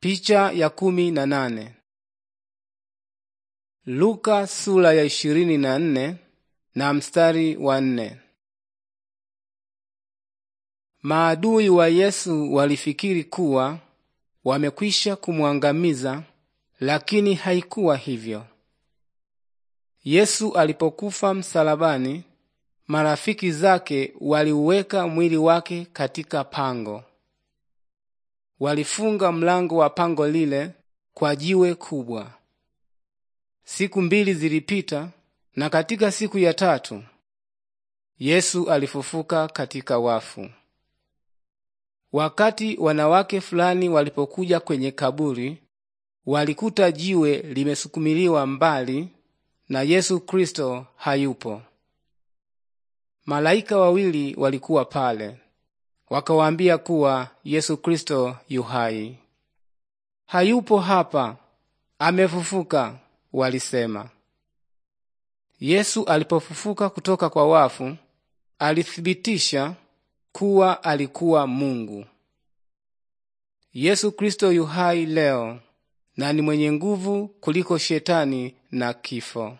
Picha ya kumi na nane. Luka sura ya ishirini na nne na mstari wa nne. Maadui wa Yesu walifikiri kuwa wamekwisha kumwangamiza, lakini haikuwa hivyo. Yesu alipokufa msalabani, marafiki zake waliuweka mwili wake katika pango walifunga mlango wa pango lile kwa jiwe kubwa. Siku mbili zilipita, na katika siku ya tatu Yesu alifufuka katika wafu. Wakati wanawake fulani walipokuja kwenye kaburi, walikuta jiwe limesukumiliwa mbali na Yesu Kristo hayupo. Malaika wawili walikuwa pale wakawaambia kuwa Yesu Kristo yu hai. Hayupo hapa, amefufuka, walisema. Yesu alipofufuka kutoka kwa wafu, alithibitisha kuwa alikuwa Mungu. Yesu Kristo yu hai leo na ni mwenye nguvu kuliko shetani na kifo.